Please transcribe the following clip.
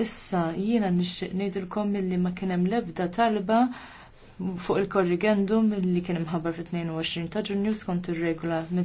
Issa jiena nixtieq ngħidilkom milli ma kien hemm l-ebda talba fuq il-korrigendum li kien imħabbar fit-22 ta' Ġunju skont ir-regola